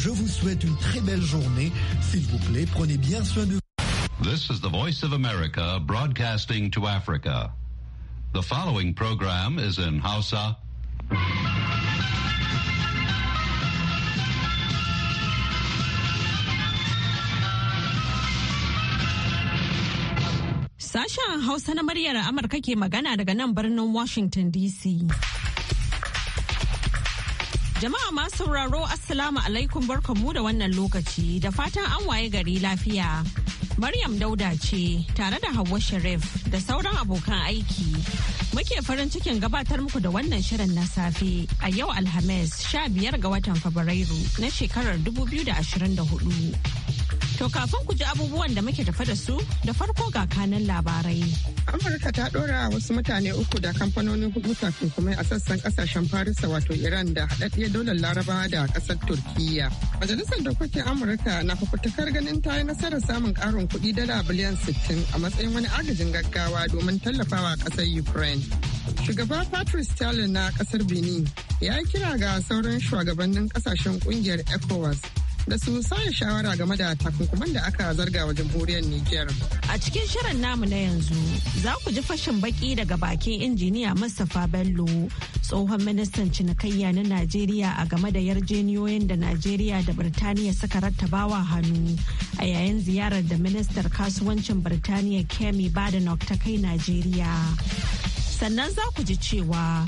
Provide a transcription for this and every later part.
Je vous souhaite une très belle journée. S'il vous plaît, prenez bien soin de vous. This is the Voice of America broadcasting to Africa. The following program is in Hausa. Sasha Hausa na muryar Amurka ke magana daga nan birnin Washington DC. Jama'a masu sauraro Assalamu alaikum barkanmu da wannan lokaci da fatan an waye gari lafiya. Maryam Dauda ce tare da Hauwa Sharif da sauran abokan aiki. Muke farin cikin gabatar muku da wannan shirin na safe a yau Alhamis 15 ga watan Fabrairu na shekarar 2024. To kafin ku ji abubuwan da muke tafa da su da farko ga kanan labarai. Amurka ta dora wasu mutane uku da kamfanonin hudu kuma a sassan kasashen Farisa wato Iran da haɗaɗɗiyar daular Larabawa da ƙasar Turkiyya. Majalisar dokokin Amurka na fafutukar ganin ta yi nasarar samun ƙarin kuɗi dala biliyan sittin a matsayin wani agajin gaggawa domin tallafawa ƙasar Ukraine. Shugaba Patrice Talon na ƙasar Benin ya yi kira ga sauran shugabannin ƙasashen ƙungiyar ECOWAS da su sa shawara game da takunkuman da aka zarga wa jamhuriyar Nijar. A cikin shirin namu na yanzu za ku ji fashin baki daga bakin injiniya Mustapha Bello tsohon ministan cinikayya na Najeriya a game da yarjeniyoyin da Najeriya da Birtaniya suka rattabawa hannu a yayin ziyarar da ministar kasuwancin Birtaniya Kemi Badenoch ta kai Najeriya. Sannan za ku ji cewa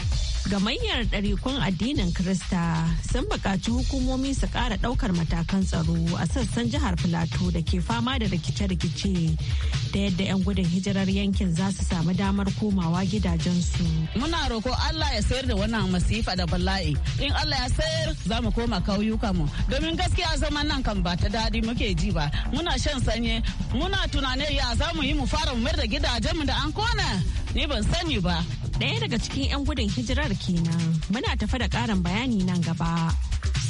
Gamayyar ɗarikun addinin kirista sun buƙaci hukumomi su ƙara ɗaukar matakan tsaro a sassan jihar Filato da ke fama da rikice-rikice da yadda 'yan gudun hijirar yankin za su samu damar komawa gidajensu. Muna roko Allah ya sayar da wannan masifa da bala'i. In Allah ya sayar za mu koma kauyuka mu. Domin gaskiya zaman nan kan ba ta daɗi muke ji ba. Muna shan sanyi muna tunanin ya za mu yi mu fara mu mayar da gidajenmu da an kona. Ni ban sani ba. daya daga cikin 'yan gudun hijirar kenan muna tafa da ƙarin bayani nan gaba.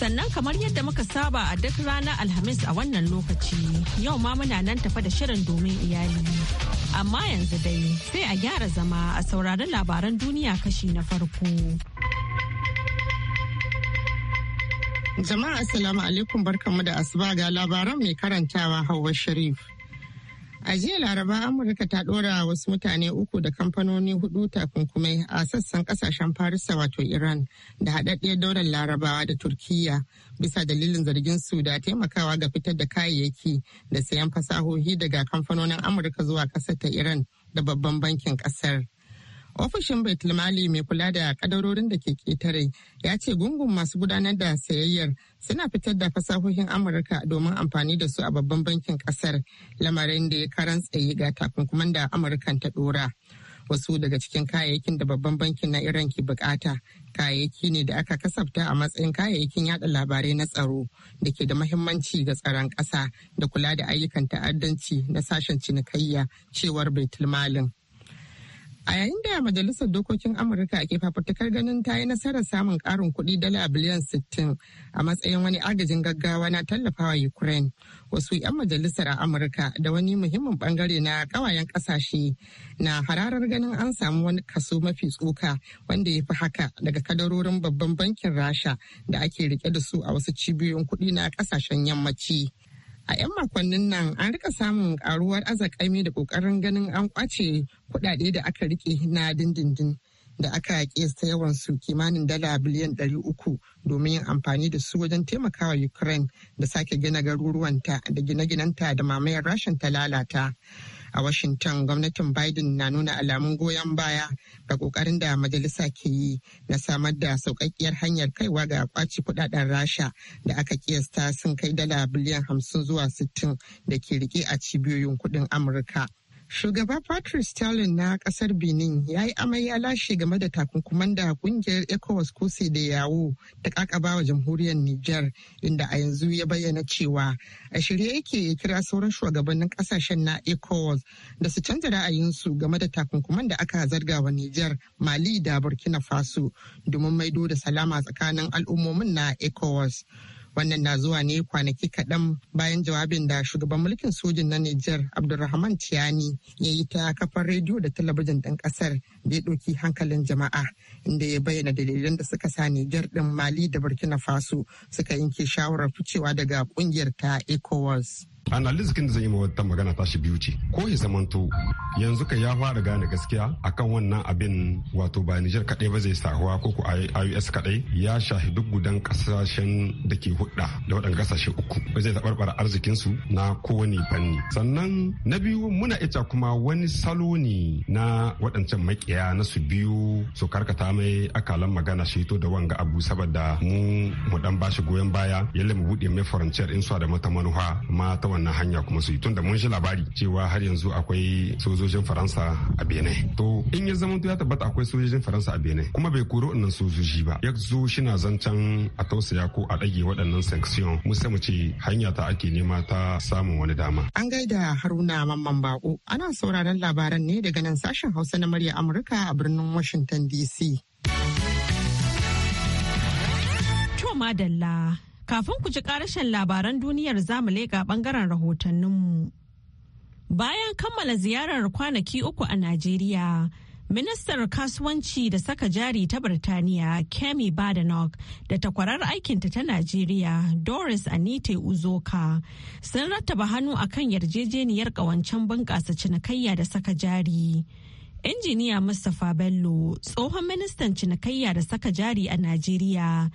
Sannan kamar yadda muka saba a duk ranar Alhamis a wannan lokaci, yau ma muna nan tafa da shirin domin iyali. Amma yanzu dai sai a gyara zama a saurari labaran duniya kashi na farko. Jama'a Assalamu alaikum barkanmu da asuba ga labaran mai karantawa Hauwa Sharif. A jiya Laraba Amurka ta ɗora wasu mutane uku da kamfanoni hudu takunkumai a sassan kasashen Farisa wato Iran da haɗaɗɗiyar daular Larabawa da Turkiyya bisa dalilin zargin su da taimakawa ga fitar da kayayyaki da sayan fasahohi daga kamfanonin Amurka zuwa ƙasar ta Iran da babban bankin ƙasar. Ofishin Baitulmali mai kula da kadarorin da ke ketare ya ce gungun masu gudanar da sayayyar suna fitar da fasahohin Amurka domin amfani da su a babban bankin kasar lamarin da ya karan tsaye ga takunkuman da Amurkan ta dora. Wasu daga cikin kayayyakin da babban bankin na Iran ke bukata kayayyaki ne da aka kasafta a matsayin kayayyakin yada labarai na tsaro da ke da mahimmanci ga tsaron ƙasa da kula da ayyukan ta'addanci na sashen cinikayya cewar Baitulmalin. A yayin da Majalisar Dokokin Amurka ke fafutukar ganin ta yi nasarar samun ƙarin kuɗi dala biliyan 60 a matsayin wani agajin gaggawa na tallafawa Ukraine, wasu 'yan majalisar a Amurka da wani muhimmin bangare na ƙawayen ƙasashe na hararar ganin an samu wani kaso mafi tsoka wanda ya fi haka daga kadarorin babban bankin Rasha da ake rike da su a wasu cibiyoyin kuɗi na ƙasashen yammaci. a 'yan makonnin nan an rika samun karuwar azakami da kokarin ganin an kwace kudade da aka rike na dindindin da aka kesta yawan su kimanin dala biliyan 300 domin yin amfani da su wajen taimakawa ukraine da sake gina garuruwanta da gine-ginenta da mamayar rashin ta lalata a washington gwamnatin biden na nuna alamun goyon baya ga kokarin da majalisa ke yi na samar da sauƙaƙƙiyar hanyar kaiwa ga kwaci kudaden rasha da aka kiyasta sun kai dala biliyan hamsin zuwa sittin da ke rike a cibiyoyin kuɗin amurka Shugaba Patrice talon na kasar Benin ya yi amai ya lashe game da takunkuman da kungiyar ECOWAS ko da yawo ta kakaba wa jamhuriyar Nijar inda a yanzu ya bayyana cewa a shirye yake ya kira sauran shugabannin kasashen na ECOWAS da su canza ra'ayinsu game da takunkuman da aka zarga wa Nijar, Mali da Burkina Faso domin maido da salama tsakanin al'ummomin na ECOWAS. Wannan na zuwa ne kwanaki kaɗan bayan jawabin da shugaban mulkin sojin na Nijar Abdulrahman Tiani ya yi ta kafar rediyo da talabijin ɗin ƙasar da ya ɗauki hankalin jama'a inda ya bayyana dalilan da suka sa Nijar ɗin Mali da Burkina Faso suka yanke shawarar ficewa daga ƙungiyar ta ECOWAS. analizikin da zan yi wata magana tashi biyu ce ko ya zamanto yanzu ka ya fara gane gaskiya akan wannan abin wato ba Nijar kaɗai ba zai sahuwa ko ku IUS kadai ya shahi duk gudan kasashen da ke hudda da waɗannan kasashe uku ba zai tabarbara arzikin su na kowane fanni sannan na biyu muna ita kuma wani salo ne na waɗancan makiya na su biyu su karkata mai akalan magana shi to da wanga abu saboda mu mu dan bashi goyon baya yalle mu bude mai in insuwa da mata manuha ta. wannan hanya kuma su yi tun da mun shi labari cewa har yanzu akwai sojojin faransa a benin to in ya zama ya tabbata akwai sojojin faransa a benin kuma bai koro wannan sojoji ba ya zo shina zancen a tausaya ko a ɗage waɗannan sanction mu sai mu ce hanya ta ake nema ta samun wani dama an gaida haruna mamman bako ana sauraron labaran ne daga nan sashen hausa na murya amurka a birnin washington dc madalla Kafin ku ji karashen labaran duniyar zamu leƙa ɓangaren rahotanninmu. Bayan kammala ziyarar kwanaki uku a Najeriya, Ministar Kasuwanci da Saka Jari ta Birtaniya, Kemi Badenoch, da takwarar aikinta ta Najeriya, Doris Anite Uzoka, sun rattaba hannu akan yarjejeniyar ƙawancen bunƙasa cinikayya da saka jari. injiniya mustapha bello tsohon ministan cinikayya da saka jari a najeriya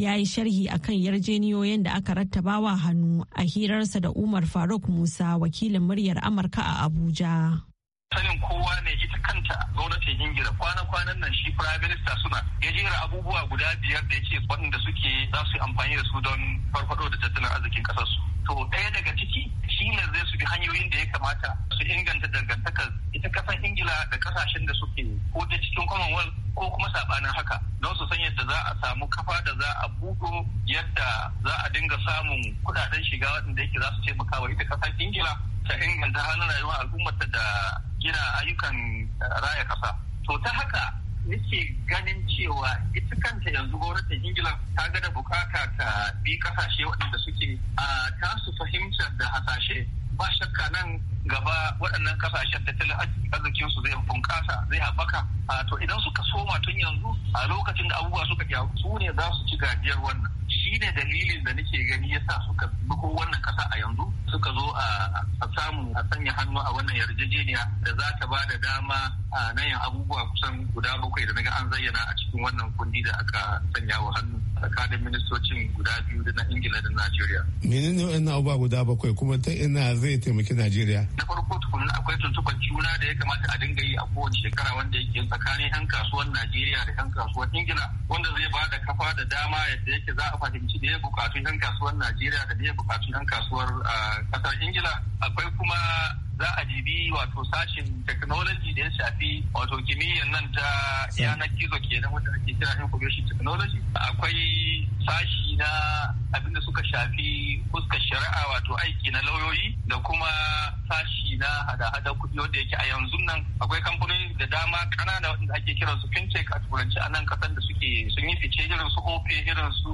ya yi sharhi kan yarjeniyoyin da aka rattabawa hannu a hirarsa da umar faruk musa wakilin muryar amurka a abuja sanin kowa ne ita kanta gwamnatin ingila kwana-kwanan nan shi prime minister suna ya jera abubuwa guda biyar da yake waɗanda suke za su yi amfani da su don farfado da tattalin arzikin ƙasarsu to ɗaya daga ciki tilas zai su bi hanyoyin da ya kamata su inganta dangantakar ita kasan ingila da kasashen da suke ko ta cikin commonwealth ko kuma sabanin haka don su san yadda za a samu kafa da za a buɗo yadda za a dinga samun kudaden shiga waɗanda yake za su taimaka wa ita kasan ingila ta inganta halin rayuwar al'ummar da gina ayyukan eh, raya kasa to ta haka nake ganin cewa ita kanta yanzu gwamnatin ingila ta ga da bukata ta bi kasashe waɗanda suke a tasu fahimtar da hasashe ba shakka nan gaba waɗannan kasashen tattalin arzikin su zai bunƙasa zai haɓaka to idan suka soma tun yanzu a lokacin da abubuwa suka gyaru su ne za su ci gajiyar wannan shi ne dalilin da nake gani yasa suka bi wannan kasa suka zo a samu a sanya hannu a wannan yarjejeniya da za ta ba da dama a nan abubuwa kusan guda bakwai da naga an zayyana a cikin wannan kundi da aka sanya wa hannu tsakanin ministocin guda biyu da na ingila da najeriya menene wannan abubuwa guda bakwai kuma ta ina zai taimaki najeriya na farko gwamnati akwai tuntuɓar juna da ya kamata a dinga yi a kowace shekara wanda yake tsakanin 'yan kasuwar Najeriya da 'yan kasuwar Ingila wanda zai ba da kafa da dama yadda yake za a fahimci da ya bukatu 'yan kasuwar Najeriya ah, da ya bukatu 'yan kasuwar ƙasar Ingila akwai kuma za a jibi wato sashin technology da ya shafi wato kimiyyar nan ta yanar gizo kenan wanda ake kira information technology akwai sashi na abin da suka shafi fuskar shari'a wato aiki na lauyoyi da kuma sashi na hada-hada kuɗi wanda yake a yanzu nan akwai kamfanoni da dama ƙanana wanda ake kiran su fintech a turanci a nan kasan da suke sun yi fice irin su ope irin su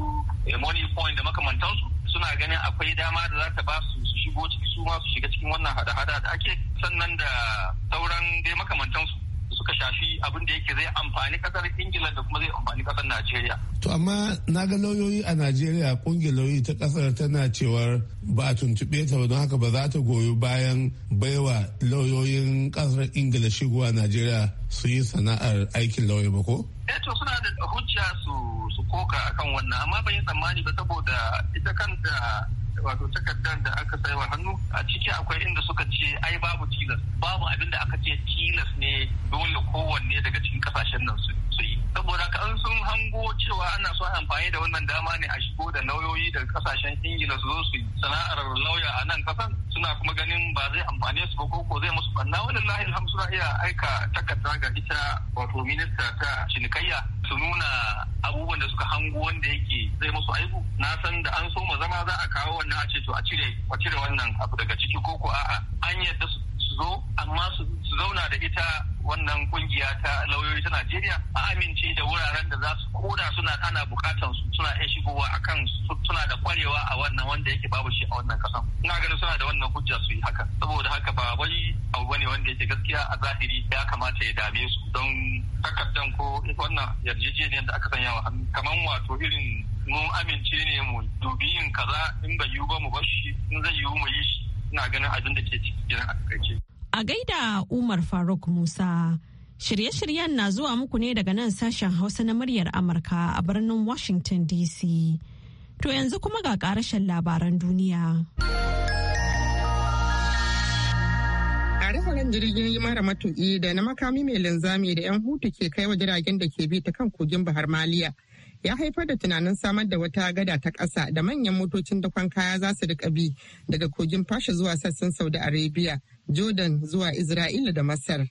money point da makamantansu suna ganin akwai dama da za ta ba shigo ciki su ma shiga cikin wannan hada-hada da ake sannan da sauran dai makamantansu suka shafi abin da yake zai amfani kasar ingila da kuma zai amfani kasar najeriya to amma na ga lauyoyi a najeriya kungiyar lauyoyi ta kasar tana cewar ba a tuntuɓe ta ba don haka ba za ta goyi bayan baiwa lauyoyin kasar ingila shigowa najeriya su yi sana'ar aikin lauyoyi ba ko eh to suna da hujja su su koka akan wannan amma ban yi tsammani ba saboda ita kanta wato takardar da aka saiwa hannu a ciki akwai inda suka ce ai babu tilas babu abin da aka ce tilas ne dole kowanne daga cikin kasashen nan su yi saboda ka sun hango cewa ana so amfani da wannan dama ne a shigo da lauyoyi daga kasashen ingila su zo su yi sana'ar lauya a nan kasan suna kuma ganin ba zai amfane su ba ko ko zai musu banna wani lahil suna iya aika takarda ga ita wato minista ta cinikayya su nuna abubuwan da suka hango wanda yake zai musu aibu na san da an so ma zama za a kawo wannan a ce to a cire a cire wannan abu daga ciki ko ko a'a an yadda su zo amma su zauna da ita wannan kungiya ta lauyoyi ta Najeriya a amince da wuraren da za su koda suna ana bukatan su suna iya shigowa a kan suna da kwarewa a wannan wanda yake babu shi a wannan kasan ina ganin suna da wannan hujja su yi haka saboda haka ba wai abu bane wanda yake gaskiya a zahiri ya kamata ya dame su don takardan ko wannan yarjejeniyar da aka sanya wa hannu kamar wato irin mun amince ne mu dubi yin kaza in bai yiwu ba mu bar shi in zai yiwu mu yi shi ina ganin abin da ke cikin a A gaida Umar Faruk Musa. Shirye-shiryen na zuwa muku ne daga nan sashen Hausa na muryar Amurka a birnin Washington DC. To yanzu kuma ga karashen labaran duniya. A rikon jirgin mara matuƙi da na makami mai linzami da 'yan hutu ke kai wa jiragen da ke bi ta kan kogin Bahar Maliya ya haifar da tunanin samar da wata gada ta ƙasa da manyan motocin dakon kaya za su riƙa bi daga kogin fasha zuwa sassan Saudi Arabia. jordan zuwa isra'ila da masar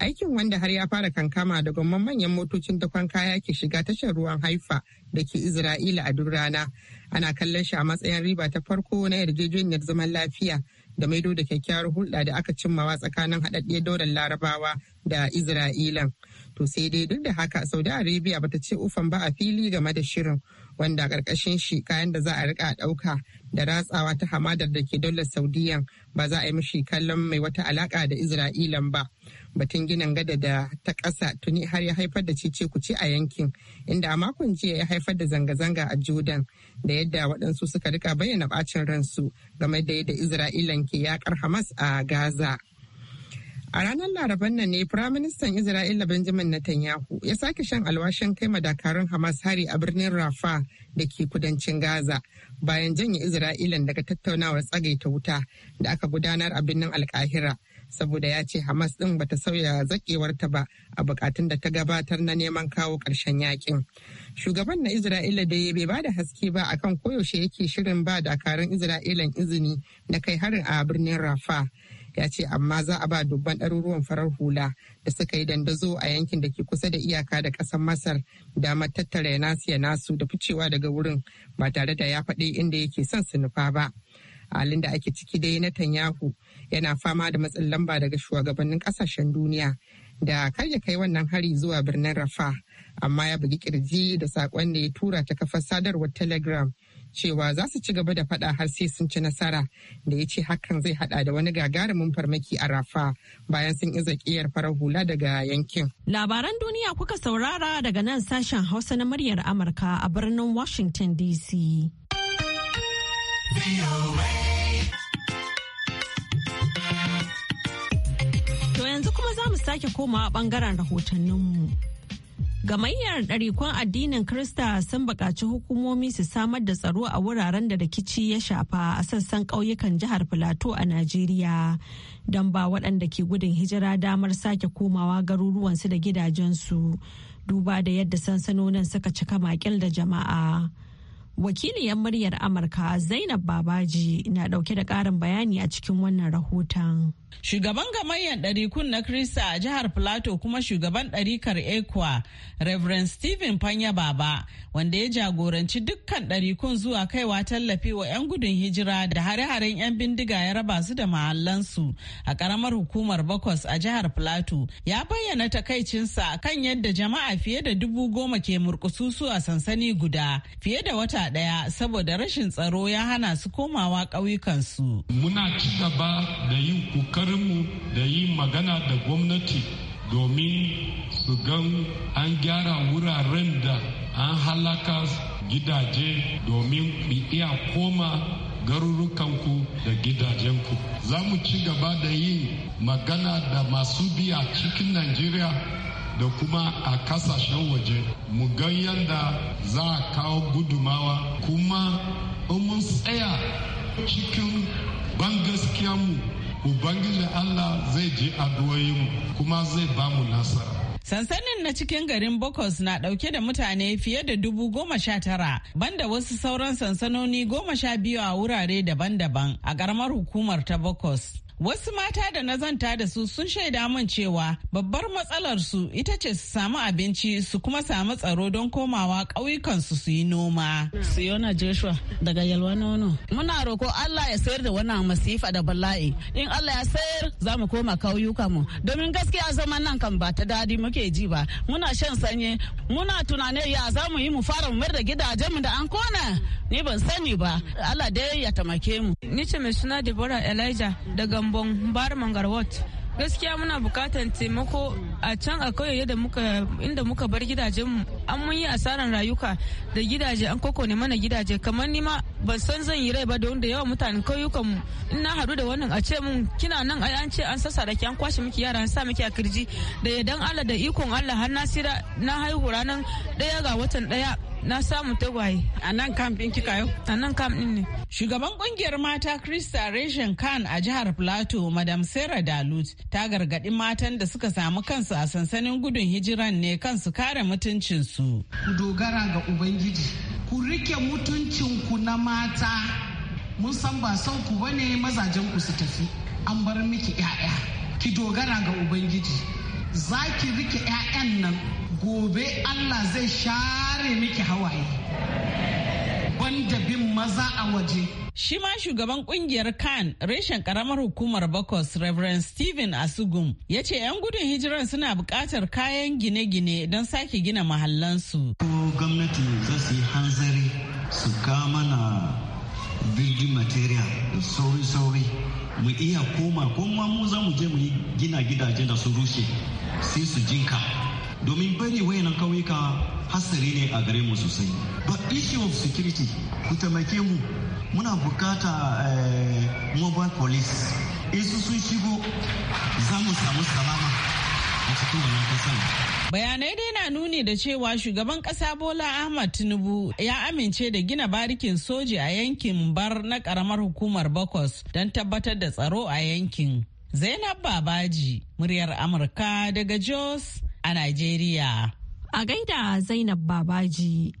aikin wanda har ya fara kankama da gwamman manyan motocin dakon kaya ke shiga tashar ruwan haifa da ke isra'ila a duk rana ana kallon shi a matsayin riba ta farko na yarjejeniyar zaman lafiya da maido da kyakkyawar hulɗa da aka cimmawa tsakanin haɗaɗɗiyar daular larabawa da isra'ilan to sai dai duk da haka saudi arabia bata ce ufan ba a fili game da shirin wanda a ƙarƙashin shi kayan da za a rika ɗauka da ratsawa ta hamadar da ke dole saudiya ba za a yi mishi kallon mai wata alaƙa da isra'ilan ba batun ginin gada da ta ƙasa tuni har ya haifar da cice kuce a yankin inda a makon jiya ya haifar da zanga-zanga a jordan da yadda waɗansu suka rika bayyana bacin ransu game da yadda isra'ilan ke yaƙar hamas a gaza. A ranar Laraban nan ne Firaministan Isra'ila Benjamin Netanyahu ya sake shan alwashin kai dakarun Hamas hari a birnin Rafa da ke kudancin Gaza bayan janye Isra'ilan daga tattaunawar tsagaita wuta da aka gudanar a birnin Alkahira saboda ya ce Hamas ɗin ta sauya zakewarta ba a bukatun da ta gabatar na neman kawo ƙarshen yakin. Shugaban na Isra'ila da ya bai ba da haske ba akan koyaushe yake shirin ba dakarun Isra'ilan izini na kai harin a birnin Rafa. ya ce amma za a ba dubban ɗaruruwan farar hula da suka yi dandazo a yankin da ke kusa da iyaka da ƙasar masar da matattara ya nasu ya nasu da ficewa daga wurin ba tare da ya faɗi inda yake son su nufa ba halin da ake ciki dai na tanyahu yana fama da matsin lamba daga shugabannin ƙasashen duniya da kar ya kai wannan hari zuwa birnin rafa amma ya bugi kirji da saƙon da ya tura ta kafar sadarwar telegram cewa za su ci gaba da fada har sai sun ci nasara da ya ce hakan zai hada da wani gagarumin farmaki a rafa bayan sun iza kiyar farar hula daga yankin. Labaran duniya kuka saurara daga nan sashen Hausa na muryar Amurka a birnin Washington DC. To yanzu kuma za mu sake komawa bangaren rahotanninmu. Gamayyar ɗarikun addinin Krista sun buƙaci hukumomi su samar da tsaro a wuraren da rikici ya shafa a sassan ƙauyukan jihar Filato a Najeriya don ba waɗanda ke gudun hijira damar sake komawa garuruwansu da gidajensu duba da yadda sansanonin suka cika makil da jama'a. Wakiliyar muryar Amurka Zainab Babaji na ɗauke da ƙarin bayani a cikin wannan rahoton. Shugaban gamayyar ɗarikun na Krista a jihar Plateau kuma shugaban ɗarikar Ekwa, Reverend Stephen Fanya Baba, wanda ya jagoranci dukkan ɗarikun zuwa kaiwa tallafi wa 'yan gudun hijira da hare-haren 'yan bindiga ya raba su da mahallansu a ƙaramar hukumar Bakwas a jihar Plateau, ya bayyana takaicinsa kan yadda jama'a fiye da dubu goma ke murkususu a sansani guda fiye da wata ɗaya saboda rashin tsaro ya hana su komawa ƙauyukansu. Muna ci gaba da yin kukan ƙoƙarinmu da yi magana da gwamnati domin su gan an gyara wuraren da an halaka gidaje domin iya koma garurukanku da gidajenku. Za mu ci gaba da yin magana da masu biya cikin Najeriya da kuma a kasashen waje. Mu gan yadda za a kawo gudumawa kuma mun tsaya cikin ban gaskiya mu ubangiji allah zai ji mu kuma zai ba mu nasara Sansanin na cikin garin Bokos na dauke da mutane fiye da dubu goma sha tara, banda wasu sauran sansanoni goma sha biyu a wurare daban-daban a karamar hukumar ta Bokos. Wasu mata da na zanta da su sun shaida min cewa babbar matsalar su ita ce su samu abinci su kuma samu tsaro don komawa kauyukansu su yi noma. Siona Joshua daga Yalwa Nono. Muna roko Allah ya sayar da wannan masifa da bala'i. In Allah ya sayar za mu koma ƙauyuka mu. Domin gaskiya zaman nan kan ba ta dadi muke ji ba. Muna shan sanyi. Muna tunanin ya za mu yi mu fara mu da gidajen mu da an kona. Ni ban sani ba. Allah dai ya tamake mu. Ni ce mai suna Deborah Elijah daga gambon barman garwat gaskiya muna bukatan taimako a can a kauye inda muka bar gidajenmu an mun yi asaran rayuka da gidaje an koko ne mana gidaje kamar nima ban san zan yi rai ba da wanda yawa mutanen kauyukanmu in na haɗu da wannan a ce mun kina nan ai an ce an sassa da an kwashe miki yara an sa miki a kirji da yadan Allah da ikon Allah har na sira na haihu ranar ɗaya ga watan ɗaya na samu tagwaye a nan kamfin kika yau a nan kamfin ne shugaban kungiyar mata krista reshen khan a jihar plateau madam sarah dalut ta gargaɗi matan da suka samu kansu a sansanin gudun hijiran ne kansu kare mutuncinsu ku dogara ga ubangiji ku rike mutuncinku na mata mun san ba son ku ba mazajen ku su tafi an bar miki 'ya'ya ki dogara ga ubangiji za ki rike 'ya'yan nan gobe Allah zai share miki hawaye wanda bin maza a waje. Shi ma shugaban kungiyar Khan reshen karamar hukumar Bakos Reverend Stephen Asugum ya ce 'yan gudun hijiran suna buƙatar kayan gine-gine don sake gina mahallansu. Gwamnati za su yi hanzari su kama na building material da sauri-sauri mu iya koma kuma mu za mu je mu yi gina gidaje da su rushe sai su jinka. domin bari wayanan kauyuka hasari ne a gare mu sosai ba issue of security ku taimake mu muna bukata eh, mobile police isu sun shigo za mu samu salama a cikin wannan kasar bayanai dai na nuni da cewa shugaban kasa bola ahmad tinubu ya amince da gina barikin soji a yankin bar na karamar hukumar Bokos don tabbatar da tsaro a yankin zainab babaji muryar amurka daga jos a Najeriya. A gaida Zainab Babaji.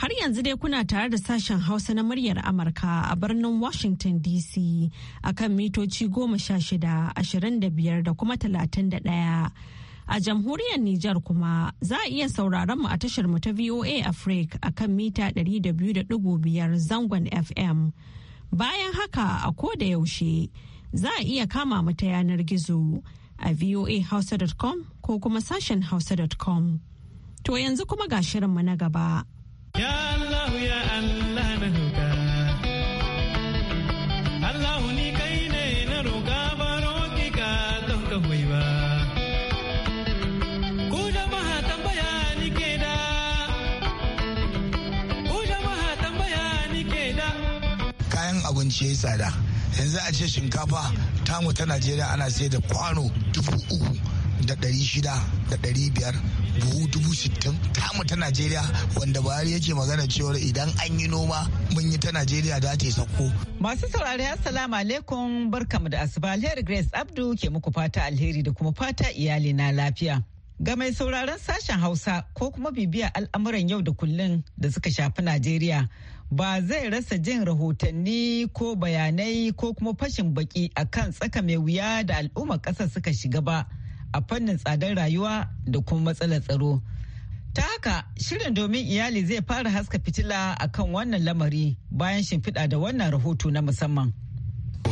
Har yanzu dai kuna tare da sashen Hausa na muryar Amurka a birnin Washington DC a kan mitoci goma sha shida, ashirin da biyar da kuma talatin da ɗaya. A jamhuriyar Nijar kuma za a iya sauraron mu a tashar mu ta VOA Africa a kan mita biyar zangon FM. Bayan haka a ko da yaushe za a iya kama mu ta yanar gizo. a voahausa.com ko kuma sashen hausa.com. To yanzu kuma ga shirinmu na gaba. Ya Allah ya Allah na roƙa. Allah ni kai ne na roƙa ba roki ka don ka ba. Ku jama'a tambaya ni ke da. Ku jama'a tambaya ni ke da. Kayan abinci ya yi tsada. yanzu a ce shinkafa tamu ta najeriya ana sai da kwano dubu uku da ɗari shida da ɗari biyar buhu dubu sittin tamu ta najeriya wanda buhari yake magana cewar idan an yi noma mun yi ta najeriya da ta sako. masu saurari assalamu alaikum barkamu da asuba alheri grace abdu ke muku fata alheri da kuma fata iyali na lafiya. Ga mai sauraron sashen Hausa ko kuma bibiya al'amuran yau da kullun da suka shafi Najeriya ba zai rasa jin rahotanni ko bayanai ko kuma fashin baki a kan tsaka mai wuya da al'ummar ƙasa suka shiga ba a fannin tsadar rayuwa da kuma matsalar tsaro. Ta haka shirin domin iyali zai fara haska fitila a kan wannan lamari bayan shimfiɗa da wannan rahoto na musamman.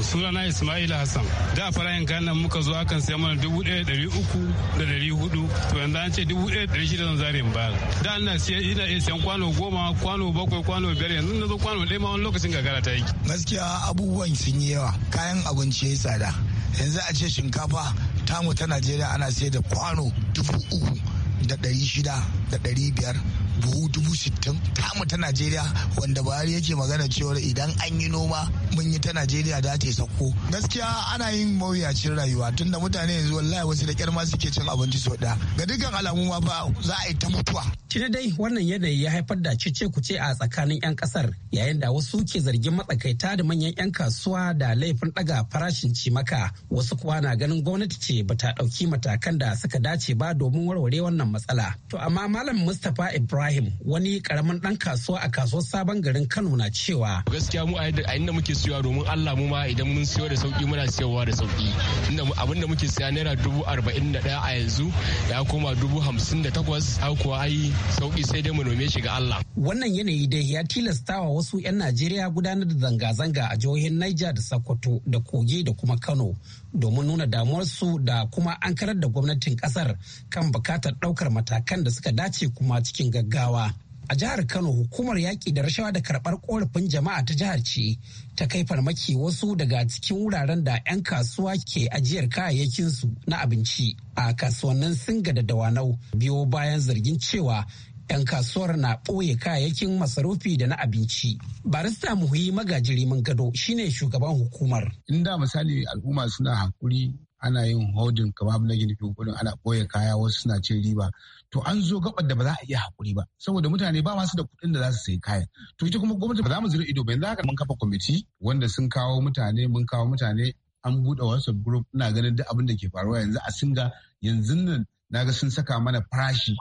suna na ismaila hassan da farayin kayan muka zo akan sai mana dubu ɗaya ɗari uku da ɗari hudu to yanzu an ce dubu ɗaya ɗari shida zan zare in bayar da ina siya ina iya siyan kwano goma kwano bakwai kwano biyar yanzu na zo kwano ɗaya ma wani lokacin gagara ta yi. gaskiya abubuwan sun yi yawa kayan abinci ya yi tsada yanzu a ce shinkafa tamu ta najeriya ana sayar da kwano dubu uku da ɗari shida da ɗari biyar buhu dubu sittin tamu ta najeriya wanda buhari yake magana cewa idan an yi noma mun yi ta najeriya da ta sauko gaskiya ana yin mawuyacin rayuwa tunda mutane yanzu wallahi wasu da kyar ma suke cin abinci sau da ga dukkan alamu ma ba za a yi ta mutuwa tuni dai wannan yanayi ya haifar da cice kuce a tsakanin 'yan kasar yayin da wasu ke zargin matsakaita da manyan 'yan kasuwa da laifin daga farashin cimaka wasu kuwa na ganin gwamnati ce bata ɗauki matakan da suka dace ba domin warware wannan matsala to amma malam mustapha ibrahim Ibrahim wani karamin dan kasuwa a kasuwar sabon garin Kano na cewa. Gaskiya mu a inda muke siyowa domin Allah mu ma idan mun siyo da sauki muna siyowa da sauki. Abinda muke siya naira dubu arba'in da ɗaya a yanzu ya koma dubu hamsin da takwas har kuwa ai sauki sai dai mu nome shi ga Allah. Wannan yanayi dai ya tilastawa wasu 'yan Najeriya gudanar da zanga-zanga a jihohin Niger da Sokoto da Kogi da kuma Kano domin nuna damuwarsu da kuma an karar da gwamnatin kasar kan bukatar daukar matakan da suka dace kuma cikin gaggawa a jihar kano hukumar yaƙi da rashawa da karɓar korafin jama'a ta jihar ce ta kai farmaki wasu daga cikin wuraren da 'yan kasuwa ke ajiyar kayayyakinsu na abinci a kasuwannin singa da dawanau biyo bayan zargin cewa 'yan kasuwar na ɓoye kayayyakin masarufi da na abinci. Barista Muhi Magajiri gado shine shugaban hukumar. In da misali al'umma suna hakuri ana yin hodin kamar na gini kudin ana ɓoye kaya wasu suna cin riba to an zo gabar da ba za a iya hakuri ba saboda mutane ba masu da kuɗin da za su sayi kayan to ita kuma gwamnati ba za mu zira ido ba yanzu haka mun kafa kwamiti wanda sun kawo mutane mun kawo mutane an buɗe wasu group ina ganin duk abin da ke faruwa yanzu a singa yanzu nan na ga sun saka mana farashi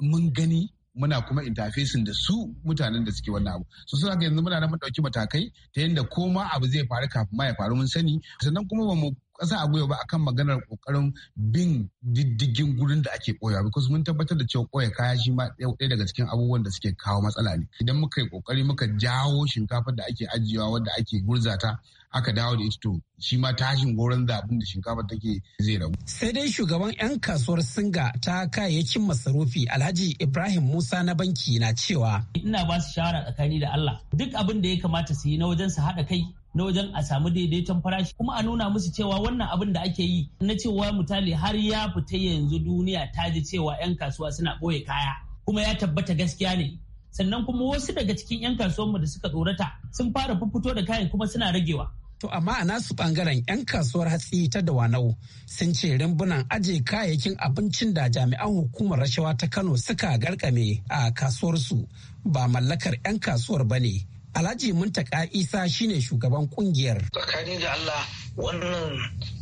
mun gani muna kuma interfacing da su mutanen da suke wannan abu su suna ga yanzu muna da mun dauki matakai ta yadda ma abu zai faru kafin ma ya faru mun sani sannan kuma ba mu kasa a gwiwa ba akan maganar kokarin bin diddigin gurin da ake koya because mun tabbatar da cewa koya kaya shi ma ɗaya daga cikin abubuwan da suke kawo matsala ne idan muka yi kokari muka jawo shinkafar da ake ajiyewa wadda ake gurzata aka dawo da ita shi ma tashin goron zaɓin da shinkafa take zai ragu. Sai dai shugaban 'yan kasuwar Singa ta kayayyakin masarufi Alhaji Ibrahim Musa na banki na cewa. Ina ba su shawara tsakani da Allah duk abin da ya kamata su yi na wajen su haɗa kai na wajen a samu daidaiton farashi kuma a nuna musu cewa wannan abin da ake yi na cewa mutane har ya fita yanzu duniya ta ji cewa 'yan kasuwa suna ɓoye kaya kuma ya tabbata gaskiya ne sannan kuma wasu daga cikin 'yan kasuwanmu da suka tsorata sun fara fito da kayan kuma suna ragewa To amma a nasu bangaren 'yan kasuwar hatsi ta Dawanau sun ce rumbunan aje kayayyakin abincin da jami'an hukumar rashawa ta Kano suka garkame a kasuwarsu ba mallakar 'yan kasuwar ba ne Alhaji Muntaka Isa shine shugaban kungiyar. Tsakani da Allah wannan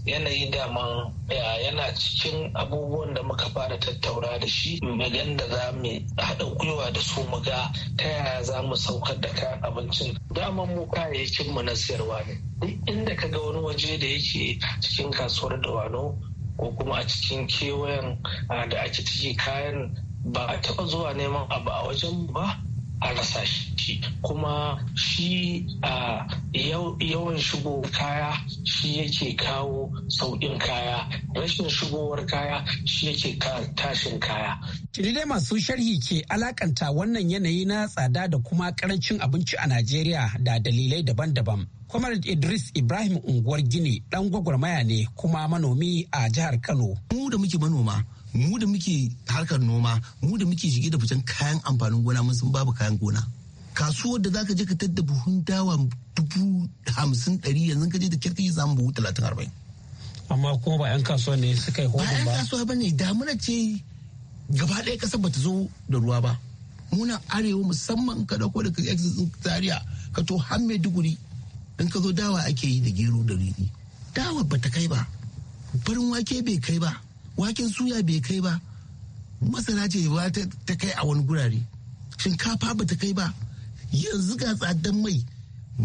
yanayi dama yana cikin abubuwan da muka fara tattaura da shi magan da za mu haɗa gwiwa da su muga ta yaya za mu saukar da kayan abincin daman mu kayayyakin mu na siyarwa ne duk inda ka ga wani waje da yake cikin kasuwar dawano ko kuma a cikin kewayen da ake ciki kayan ba a taɓa zuwa neman abu a wajen ba a rasa shi kuma shi a yawan shigo kaya shi yake kawo sauƙin kaya rashin shigowar kaya shi yake tashin kaya. Tuni masu sharhi ke alakanta wannan yanayi na tsada da kuma karancin abinci a Najeriya da dalilai daban-daban. Comrade Idris Ibrahim unguwar Gini ɗan gwagwarmaya ne kuma manomi a jihar Kano. Mu da muke manoma mu da muke harkar noma mu da muke shige da fitan kayan amfanin gona mun san babu kayan gona kasuwar da zaka je ka tadda buhun dawa dubu hamsin ɗari yanzu ka je da kirki za mu buhu talatin arba'in. amma kuma ba 'yan kasuwa ne suka yi hudu ba. ba 'yan kasuwa ba ne damuna ce gaba ɗaya ba bata zo da ruwa ba muna arewa musamman ka ko da exitin zariya ka to har duguri in ka zo dawa ake yi da gero da rini dawa bata kai ba farin wake bai kai ba waken suya bai kai ba masana ce ba ta kai a wani gurare shinkafa ba ta kai ba yanzu ga tsadan mai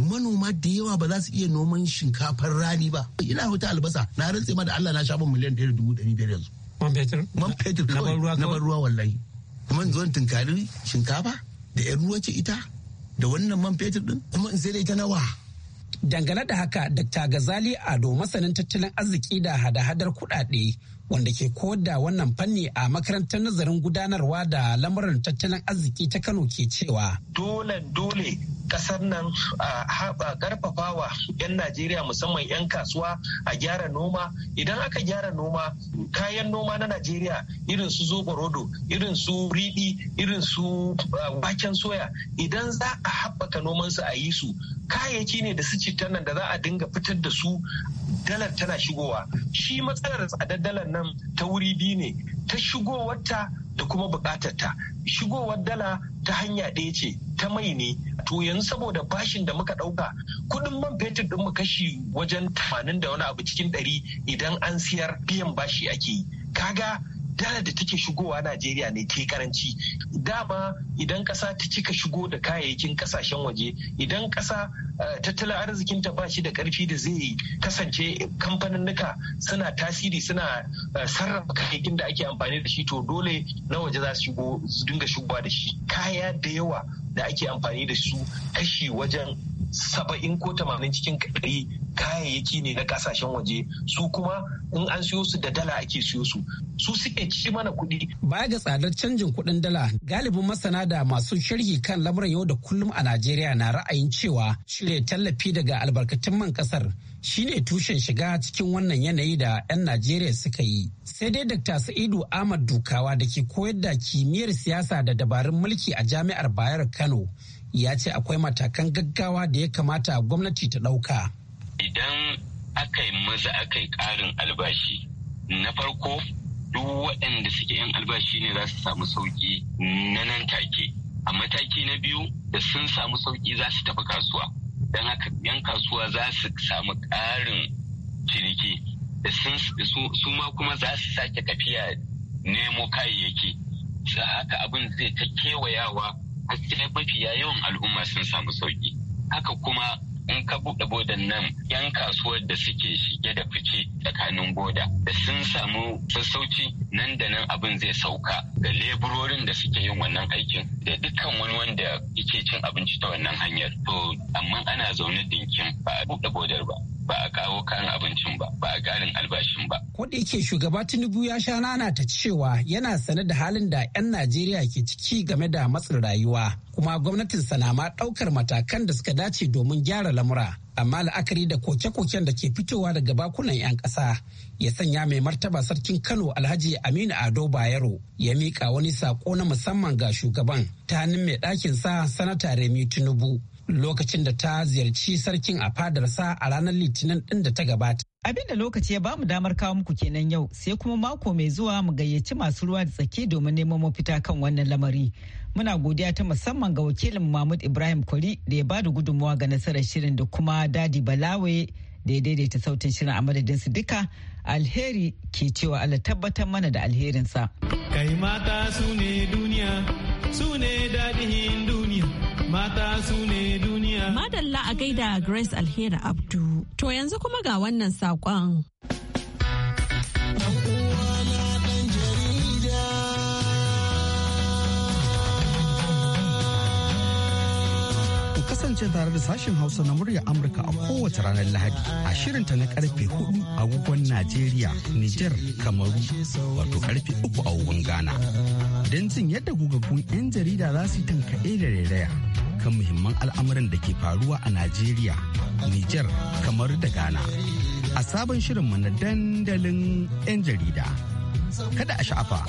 manoma da yawa ba za su iya noman shinkafar rani ba ina wata albasa na rantse ma da Allah na ban miliyan ɗaya da dubu ɗari biyar yanzu man fetur man fetur kawai na ban ruwa wallahi kuma in zo tunkari shinkafa da yan ruwa ce ita da wannan man fetur din kuma in sai da ita nawa dangane da haka dr gazali ado masanin tattalin arziki da hada-hadar kuɗaɗe wanda ke koyar da wannan fanni a makarantar nazarin gudanarwa da lamuran tattalin arziki ta Kano ke cewa. Dole dole kasar nan a karfafawa 'yan najeriya musamman 'yan kasuwa a gyara noma idan aka gyara noma kayan noma na najeriya irin su zoborodo irin su riɗi irin su waken soya idan za a haɓaka nomansu a yi su kayayyaki ne da su citan nan da za a dinga fitar da su dalar tana shigowa shi matsalar tsadar dalar nan ta wuri biyu ne ta shigowarta da kuma bukatarta shigowar dala ta hanya ɗaya ce ta mai ne to yanzu saboda bashin da muka ɗauka kudin man fetur ɗin mu kashi wajen tamanin da wani abu cikin ɗari idan an siyar biyan bashi ake yi kaga dala da take shigowa Najeriya ne ta karanci dama idan ƙasa ta cika shigo da kayayyakin ƙasashen waje idan ƙasa eh, tattalin arzikinta ba shi da karfi da zai kasance kamfaninnika suna tasiri suna eh, sarrafa kayayyakin da ake amfani da shi to dole na waje za su su dinga shigowa da shi kaya da yawa da ake amfani da su kashi wajen saba'in ko tamanin cikin ɗari kayayyaki ne na kasashen waje su kuma in an siyo su da dala ake siyo su su suke ci mana kuɗi. Baya ga tsadar canjin kuɗin dala galibin masana da masu sharhi kan lamuran yau da kullum a Najeriya na ra'ayin cewa shirya tallafi daga albarkatun man ƙasar shine tushen shiga cikin wannan yanayi da 'yan Najeriya suka yi. Sai dai Dr. Sa'idu Ahmad Dukawa da ke koyar da kimiyyar siyasa da dabarun mulki a Jami'ar Bayar Kano ya ce akwai matakan gaggawa da ya kamata gwamnati ta ɗauka. Idan aka yi maza aka yi ƙarin albashi, na farko duk waɗanda suke yin albashi ne za su samu sauƙi na nan take. A mataki na biyu da sun samu sauƙi za su tafi kasuwa. Don haka yan kasuwa za su samu ƙarin ciniki. Da su ma kuma za su sake tafiya nemo kayayyaki. haka abin zai ta kewayawa gaskiya mafiya yawan al'umma sun samu sauki haka kuma in ka buɗe bodan nan yan kasuwar da suke shige da fice tsakanin boda da sun samu sassauci nan da nan abin zai sauka ga leburorin da suke yin wannan aikin da dukkan wani wanda yake cin abinci ta wannan hanyar to amma ana zaune dinkin ba a buɗe bodar ba ba a kawo kayan abincin ba ba a garin albashin ba. Wanda yake shugaba Tinubu ya sha nana ta cewa yana sane da halin da 'yan Najeriya ke ciki game da matsin rayuwa kuma gwamnatin ma ɗaukar matakan da suka dace domin gyara lamura. Amma la'akari da koke-koken da ke fitowa daga bakunan 'yan ƙasa ya sanya mai martaba sarkin Kano Alhaji Aminu Ado Bayero ya miƙa wani saƙo na musamman ga shugaban ta hannun mai ɗakin sa sanata Remi Tinubu lokacin da ta ziyarci sarkin a fadarsa a ranar litinin ɗin da ta gabata. Abin da lokaci ya bamu damar kawo muku kenan yau sai kuma mako mai zuwa mu gayyaci masu ruwa da tsaki domin neman mafita kan wannan lamari. Muna godiya ta musamman ga wakilin Mahmud Ibrahim kori da ya ba da gudunmawa ga nasarar shirin da kuma Dadi Balawe da ya daidaita sautin shirin a madadin su duka alheri ke cewa Allah tabbatar mana da alherinsa. Kai mata su ne duniya su ne Hindu. Mata su ne duniya. Madalla a gaida Grace Alheri Abdu. To yanzu kuma ga wannan saƙon. kasance tare da sashen hausa na murya amurka a kowace ranar lahadi a shirinta na karfe 4 agogon najeriya nijar kamaru wato karfe 3 agogon ghana don jin yadda gugaggun 'yan jarida za su tankaɗe da rairaya kan muhimman al'amuran da ke faruwa a najeriya nijar kamaru da ghana a sabon shirin mu na dandalin 'yan jarida kada a sha'afa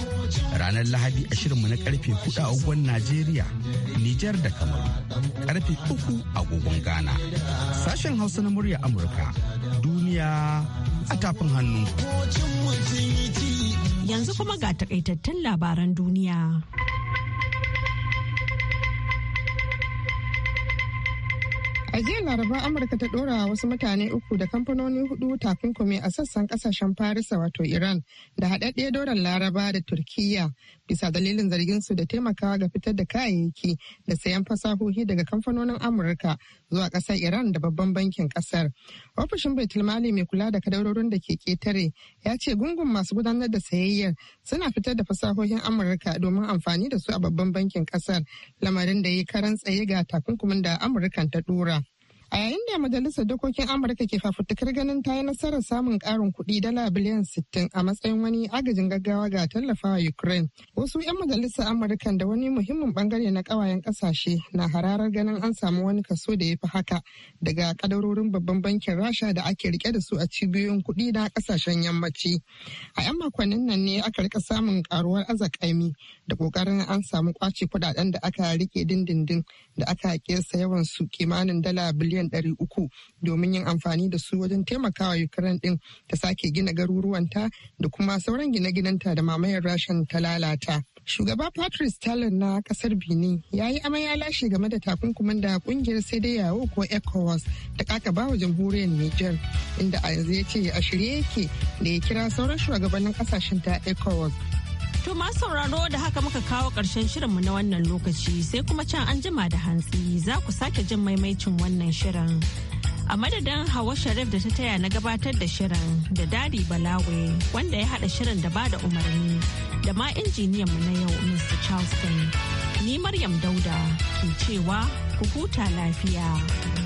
ranar lahadi a mu na karfe 4 agogon najeriya nijar da kamaru karfe 3 agogon ghana sashen hausa na murya amurka duniya a tafin hannu yanzu kuma ga takaitattun labaran duniya A jiya Laraba Amurka ta ɗora wasu mutane uku da kamfanoni hudu takunkumi a sassan kasashen Farisa wato Iran da haɗaɗɗe doron Laraba da Turkiyya bisa dalilin zargin su da taimakawa ga fitar da kayayyaki da sayan fasahohi daga kamfanonin Amurka zuwa ƙasar Iran da babban bankin ƙasar. Ofishin Baitulmali mai kula da kadarorin da ke ketare ya ce gungun masu gudanar da sayayyar suna fitar da fasahohin Amurka domin amfani da su a babban bankin ƙasar lamarin da ya karan tsaye ga takunkumin da Amurkan ta ɗora. A yayin da Majalisar Dokokin Amurka ke fafutukar ganin ta yi nasarar samun karin kuɗi dala biliyan 60 a matsayin wani agajin gaggawa ga tallafawa Ukraine. Wasu 'yan Majalisar amurka da wani muhimmin bangare na ƙawayen ƙasashe na hararar ganin an samu wani kaso da ya fi haka daga kadarorin babban bankin Rasha da ake rike da su a cibiyoyin kuɗi na kasashen yammaci. A 'yan makonnin nan ne aka rika samun ƙaruwar azakami da ƙoƙarin an samu ƙwace kuɗaɗen da aka rike dindindin da aka kesa yawan su kimanin dala biliyan miliyan 300 domin yin amfani da su wajen taimakawa Ukraine din ta sake gina garuruwanta da kuma sauran gine-ginenta da mamayar rashin ta lalata. Shugaba Patrice Talon na kasar Benin ya yi amai ya lashe game da takunkumin da kungiyar sai dai yawo ko ECOWAS ta kaka bawa jamhuriyar Niger inda a yanzu ya ce a shirye yake da ya kira sauran shugabannin kasashen ta ECOWAS To masu sauraro da haka muka kawo ƙarshen shirinmu na wannan lokaci sai kuma can an jima da hantsi za ku sake jin maimaicin wannan shirin. A madadin Hawa Sharif da ta taya na gabatar da shirin da Dadi Balawe wanda ya haɗa shirin da ba da umarni da ma injiniyan mu na yau Mr. Charleston. Ni Maryam Dauda ke cewa ku huta lafiya.